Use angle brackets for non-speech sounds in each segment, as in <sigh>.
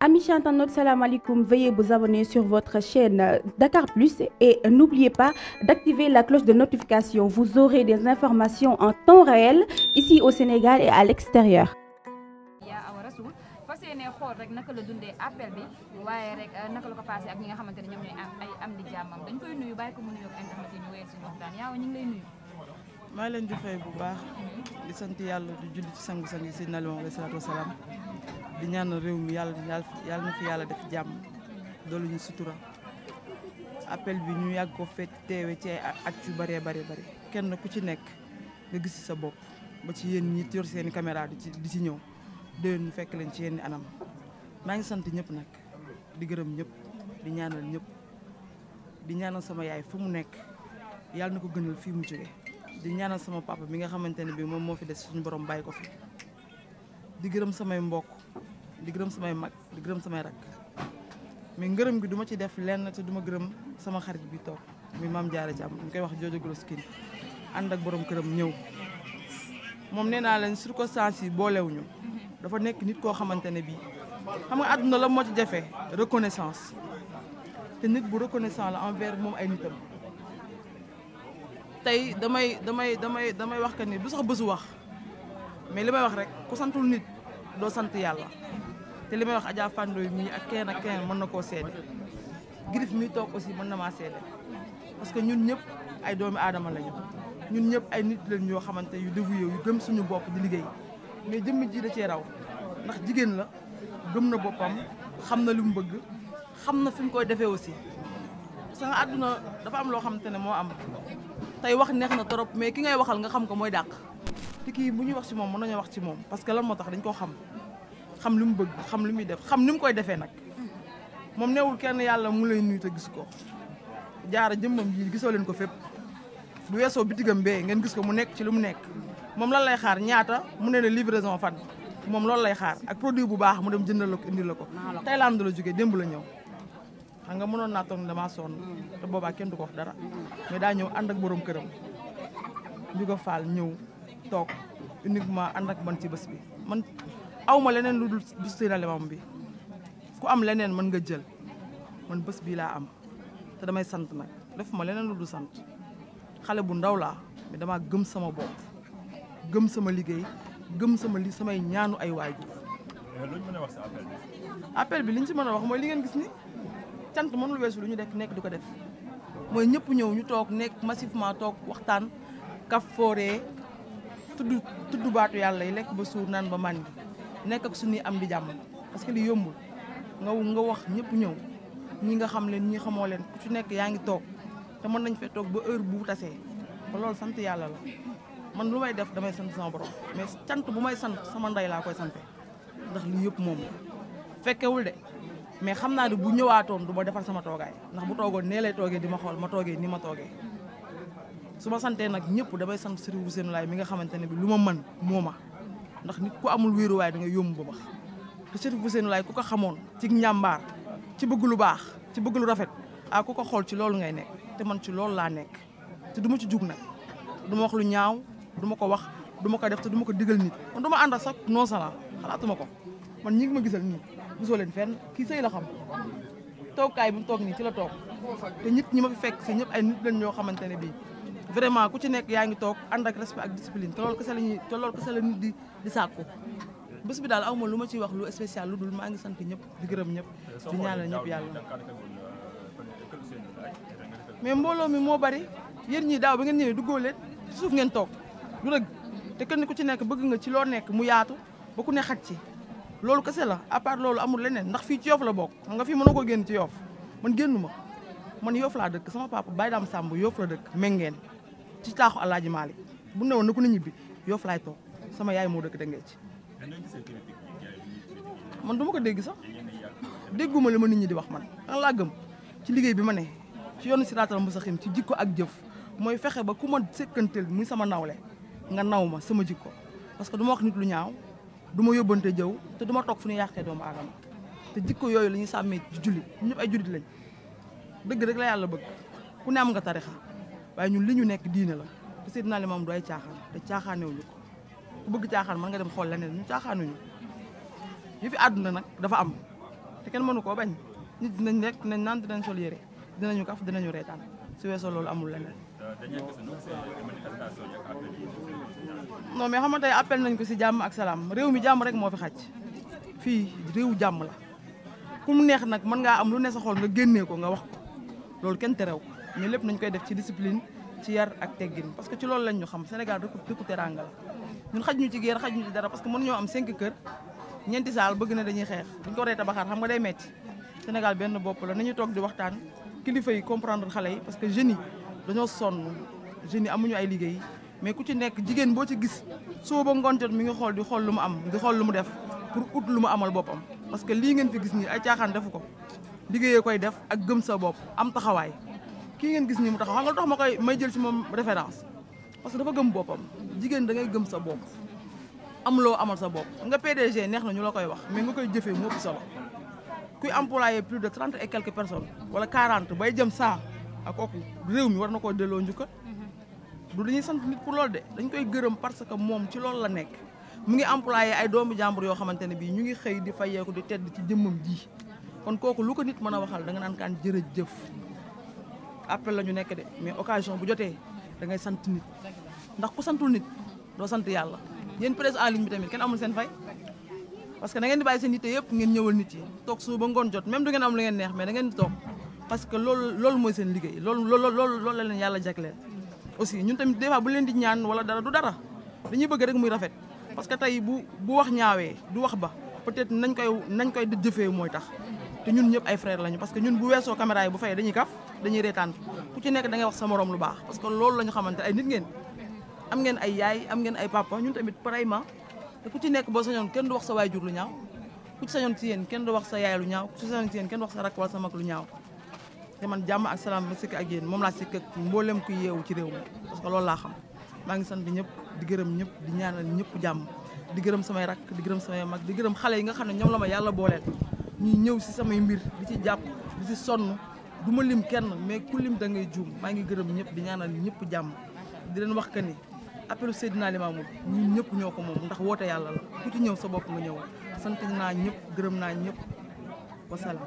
Amis chers internautes, salam alaikum. Veuillez vous abonner sur votre chaîne Dakar Plus et n'oubliez pas d'activer la cloche de notification. Vous aurez des informations en temps réel ici au Sénégal et à l'extérieur. fas ne xool rek naka la dundee appel bi waaye rek eh, naka la ko passé ak ñi nga xamante ne ñoom ñooy ay am di jàmmam dañ koy nuyu bàyyi ko mu nuyoog internet yi ñu wéyal suñu waxtaan yaaw ñu ngi lay leen di fay bu baax di sant yàlla du julli ci sangu-sangi si nalima alayhi di ñaanal réew mi yàlla yàlla na fi yàlla def jàmm doolu ñu sutura appel bi ñu yàgg ko fekk teewe ci ay at yu bëree bëri bëri kenn ku ci nekk nga gis sa bopp ba ci yéen ñi yor seen i caméra di ci di ci ñëw déwén ñu fekk leen ci yenn anam maa ngi sant ñëpp nag di gërëm ñëpp di ñaanal ñëpp di ñaanal sama yaay fu mu nekk yàlla na ko gënal fii mu jóge di ñaanal sama papa mi nga xamante ne bii moom moo fi des suñu borom bàyyi ko fi di gërëm samay mbokk di gërëm samay mag di gërëm samay rakk mais ngërëm gi duma ci def lenn te duma gërëm sama xarit bi toog muy maam Diarra Thiam ñu koy wax Jojo Goloskin ànd ak borom këram ñëw moom nee naa leen circonstances yi boolewuñu dafa nekk nit koo xamante ne bii xam nga àdduna la moo ci jafe reconnaissance te nit bu reconnaissant la envers moom ay nitam tey damay damay damay damay wax que ni du sax bësu wax mais li may wax rek ku santul nit doo sant yàlla te li may wax Adja Fandoy mii ak keneen ak keneen mën na koo seede Griff mii toog aussi mën na maa seede parce que ñun ñëpp ay doomi aadama lañu ñun ñëpp ay nit lañ yoo xamante yu dévoué yu gëm suñu bopp di liggéey mais jëmm jii da cee raw ndax jigéen la gëm na boppam xam na li mu bëgg xam na fi mu koy defee aussi parce que àdduna dafa am loo xamante ne moo am tey wax neex na trop mais ki ngay waxal nga xam ko mooy dàq te kii bu ñuy wax ci moom mën nañoo wax ci moom parce que lan moo tax dañ koo xam xam lu mu bëgg xam lu muy def xam ni mu koy defee nag moom newul kenn yàlla mu la nuyu te gis ko jaara jëmmam ji gisoo leen ko fépp du weesoo bitigam bee ngeen gis ko mu nekk ci lu mu nekk moom lan lay xaar ñaata mu ne la livraison fan moom loolu lay xaar ak produit bu baax mu dem jëndal la ko indil la ko Thaïlande la jógee démb la ñëw xam nga mënoon naa toog ne damaa mm. te boobaa kenn du ko dara mais daa ñëw ànd ak borom këram ñu ko faal ñëw toog uniquement ànd ak man ci bés aw ma leneen lu dul bis Seydina Limaamu bi ku am leneen mën nga jël man bés bii laa am te damay sant nag defuma leneen lu dul sant xale bu ndaw laa mais damaa gëm sama bopp gëm sama liggéey gëm sama li samay ñaanu ay waajur. loolu mën a wax bi. appel ñu si mën a wax mooy li ngeen gis ni cant mënul weesu lu ñu dekk nekk di ko def mooy ñëpp ñëw ñu toog nekk maa toog waxtaan kaf fooree tudd tudd baatu yàlla yi lekk ba suur naan ba màndi nekk ak suñuy am di jàmm parce que li yombul nga nga wax ñëpp ñëw ñi nga xam leen ñi xamoo leen ku ci nekk yaa ngi toog te mën nañ fee toog ba heure bu tasee ba loolu sant yàlla la man lu may def damay sant sama borom mais sant bu may sant sama ndey laa koy sante ndax lii yëpp moom fekkewul de mais xam naa ne bu ñëwaatoon du ma defar sama toogaay ndax toogoon nee lay toogee di ma xool ma toogee ni ma toogee su ma santee nag ñëpp damay sant Serigne Ousseynou Laye mi nga xamante ne bi lu ma mën mooma ndax nit ku amul wéeruwaay da nga yomb ba bax te Cherif Ousseynou Laye ku ko xamoon cig njàmbaar ci bëgg lu baax ci bëgg lu rafet ah ku ko xool ci loolu ngay nekk te man ci loolu laa nekk te du ma ci jug nag du ma wax lu ñaaw du ma ko wax du ma ko def te du ma ko digal nit man du ma ànd ak sax non sala xalaatuma ko man ñi ngi ma gisal nii gisoo leen fenn kii sëy la xam toogkaay bi mu toog nii ci la toog te nit ñi ma fi fekk si ñëpp ay nit lañ ñoo xamante ne bii vraiment ku ci nekk yaa ngi toog ànd ak respect ak discipline te loolu kese la ñuy te loolu kese nit di di sàkku bés bi daal aw ma lu ma ciy wax lu spécial lu dul maa ngi sant ñëpp di gërëm ñëpp di ñaanal ñëpp yàlla mais mbooloo mi moo bari yéen ñii daaw bi ngeen ñëwee duggoo leen suuf ngeen toog lu dëgg te kenn ku ci nekk bëgg nga ci loo nekk mu yaatu ba ku ne xaj ci loolu kese la à part loolu amul leneen ndax fii ci yoofu la bokk nga fii mënoo ko génn ci yoof man génnu ma man yoof laa dëkk sama papa Baye Dame Samb yoof la dëkk méngeen ci taaxu Alaaji Maalik bu ne woon na ko na ñibbi Yoff laay toog sama yaay moo dëkk da ngay man duma ko dégg sax dégguma li ma nit ñi di wax man lan ci liggéey bi ma ne ci yoonu siraatal mustaqiim ci jikko ak jëf mooy fexe ba ku ma sëkkanteel muy sama nawle nga naw ma sama jikko parce que du ma wax nit lu ñaaw du ma yóbbante jaw te duma ma toog fu ñu yàqee doomu aadama te jikko yooyu la ñuy sàmmee ci jullit ay jullit lañ dëgg rek la yàlla bëgg ku ne am nga tarixa waaye ñun li ñu nekk diine la te Seydina Limaamu du ay caaxaan te caaxaanewuñu ko ku bëgg caaxaan mën nga dem xool leneen ñu caaxaanuñu yi fi àdduna nag dafa am te kenn mënu koo bañ nit dinañ lekk dinañ naan dinañ sol yére dinañu kaf dinañu reetaan su weesoo loolu amul leneen. non mais xam nga nañ ko si jàmm ak salaam réew mi jàmm rek moo fi xaj fii réew jàmm la ku mu neex nag mën ngaa am lu ne sa xol nga génnee ko nga wax ko loolu kenn terew ko mais lépp nañ koy def ci discipline ci yar ak teggin parce que ci loolu lañ ñu xam Sénégal dëkku teranga la ñun xaj ñu ci guerre xaj ñu ci dara parce que mën ñoo am cinq kër ñeenti saal bëgg na dañuy xeex buñ ko waree tabaxaar xam nga day metti Sénégal benn bopp la nañu toog di waxtaan kilifa yi comprendre xale yi parce que jeunes yi dañoo sonn jeunes yi amuñu ay liggéey mais ku ci nekk jigéen boo ci gis soo ba ngoon jot mi ngi xool di xool lu mu am di xool lu mu def pour ut lu mu amal boppam parce que lii ngeen fi gis nii ay caaxaan defu ko liggéeyee koy def ak gëm sa bopp am taxawaay kii ngeen gis nii mu taxaw xam nga tax ma koy may jël ci moom référence parce que dafa gëm boppam jigéen da ngay gëm sa bopp am loo amal sa bopp nga PDG neex na ñu la koy wax mais nga koy jëfee moo ëpp solo kuy employé plus de trente e quelques personnes wala quarante bay jëm cent ak ah kooku réew mi war na koo delloo njukkal du dañuy sant nit pour loolu de dañ koy gërëm parce que moom ci loolu la nekk mu ngi employé ay doomu jàmbur yoo xamante ne bii ñu ngi xëy di fayeeku di tedd ci jëmmam ji kon kooku lu ko nit mën a waxal da nga naan kaan jërëjëf après la ñu nekk de mais occasion bu jotee da ngay sant nit ndax ku santul nit doo sant yàlla yéen presse en ligne bi tamit kenn amul seen fay parce que da ngeen di bàyyi seen yitte yëpp ngeen ñëwal nit yi toog suba ba ngoon jot même du ngeen am lu ngeen neex mais da di toog parce que loolu loolu mooy seen liggéey lool loolu loolu loolu la leen yàlla jagleel aussi ñun tamit des fois bu leen di ñaan wala dara du dara dañuy bëgg rek muy rafet parce que tey bu bu wax ñaawee du wax ba peut-être nañ koy nañ koy jëfee mooy tax te ñun ñëpp ay frère lañu parce que ñun bu weesoo caméra yi bu fay dañuy kaf dañuy reetaan ku ci nekk da ngay wax sa morom lu baax parce que loolu la ñu xamante ay nit ngeen am ngeen ay yaay am ngeen ay papa ñun tamit pareillement te ku ci nekk boo sañoon kenn du wax sa waajur lu ñaaw ku ci sañoon ci yéen kenn du wax sa yaay lu ñaaw ku ci sañoon ci yéen kenn du wax sa rakk lu ñaaw man jàmm ak salaam ma sikk ak yéen moom laa sikk ak ku yeewu ci réew mi parce que loolu laa xam maa ngi sant ñëpp di gërëm ñëpp di ñaanal ñëpp jàmm di gërëm samay rakk di gërëm samay mag di gërëm xale yi nga xam ne ñoom la ma yàlla booleel ñuy ñëw si sama mbir di ci jàpp di ci sonn du ma lim kenn mais ku lim da ngay juum maa ngi gërëm ñëpp di ñaanal ñëpp jàmm di leen wax que ni sedd appelu Seydina Limamou ñun ñëpp ñoo ko moom ndax woote yàlla la ku ci ñëw sa bopp nga ñëw sant naa ñëpp gërëm naa ñëpp wasalaam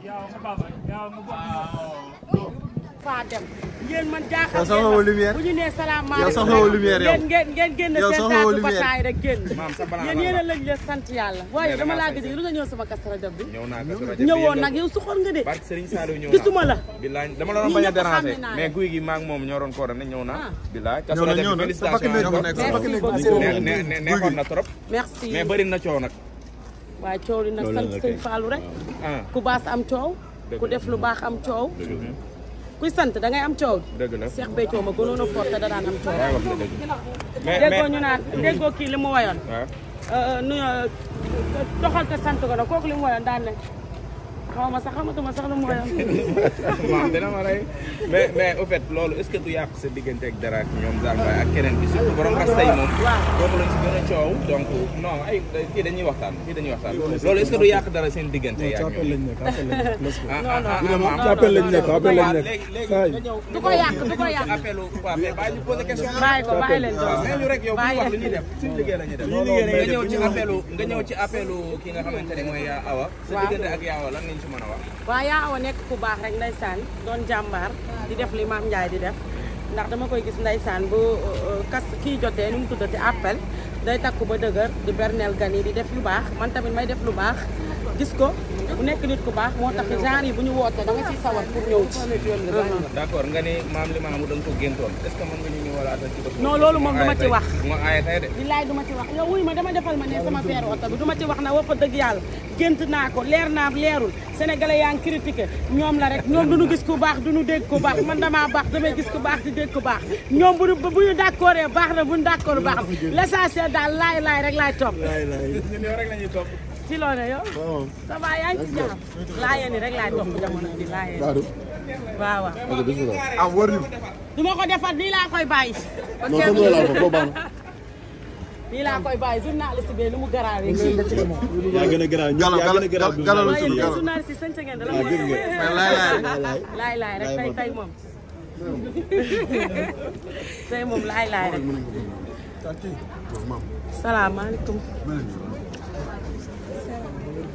faa dem. yéen man jaaxal ngeen bu ñu nee salaamaaleykum ngeen ngeen ngeen génn seen taatu bataay rek génn. yéen yéen a lañ leen sant yàlla. waaye dama laa gëj lu nga ñëw sama Kazu Rajab bi. ñëwoon nag yow suxoor nga de. barke Serigne Saliou ñëw naa gisuma la. bilaay dama la doon bañ a déranger mais guy gi maak moom ñoo doon ko ne ñëw naa. Ah. bilaay Kazu Rajab bi félicitation nekkoon na trop. merci mais bëri na coow nag. waaye coow li nag sant Serigne Fallou rek. Ah. ku baas am coow. ku def lu baax am coow kuy sant da ngay am coow. dëgg la Cheikh Béthio ma gënoon a fort te da daan am coow. waaw mais mais déggoo ñu naan déggoo kii li mu woyoon. waaw euh, euh, nuyoo euh, doxal te sant ko nag kooku li mu woyoon daan xaw ma sax xamatuma sax lu mu mooy <laughs> dina ma rey mais mais au fait loolu est-ce que du yàq sa diggante ak dara ak ñoom Zane Mbaye ak keneen bi surtout borom rasta yi moom. waaw boobu lañ si gën a coow donc non ay kii dañuy waxtaan kii dañuy waxtaan loolu est-ce que du yàq dara seen diggante. la ñuy def. nga ñëw ci appelu nga ñëw ci appelu ki nga xamante ne mooy yaa Awa. ak yaa Awa ci mën a wax. waaw nekk ku baax rek ndeysaan doon jàmbaar di def li maam Ndiaye di def ndax dama koy gis ndeysaan bu euh, kas kii jotee nu mu tuddati appel day takku ba dëgër di berneel gan yi di def lu baax man tamit may def lu baax. gis ko bu nekk nit ku baax moo tax genre yi bu ñu wootee da nga ciy sawar pour d' accord nga ni maam li maanaam da nga ko géntoon est loolu moom du ma ci wax. ma aaye tey de. billaay du ma ci wax yow wuy ma dama defal na wax fa gént naa ko leer naa leerul sénégalais yaa ngi critiqué ñoom la rek ñoom du ñu gis ku baax du nu dégg ku baax man damaa baax damay gis ku baax di dégg ku baax ñoom bu ñu bu ñu d' baax na bu ñu d' accord baax la essentiel daal laay laay rek laay topp. si loo ne yow. waaw ça va yaa rek laay topp jamono ji laajee. waaw waaw. ah wóor nañu. du ma ko defar nii laa a garaaw a garaaw. Ah, rek tey tey <laughs>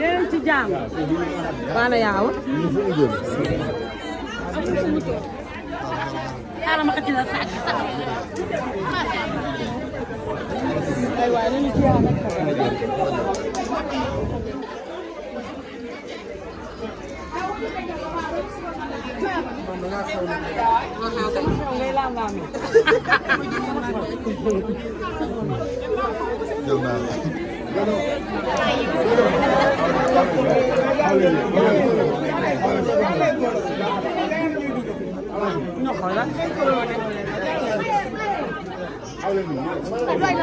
yéen ci jàmm baana yaaw xaaral ma xëcc la <laughs> sax ay waay nañu ci yaa Thank you. No jodas. Bueno, bueno.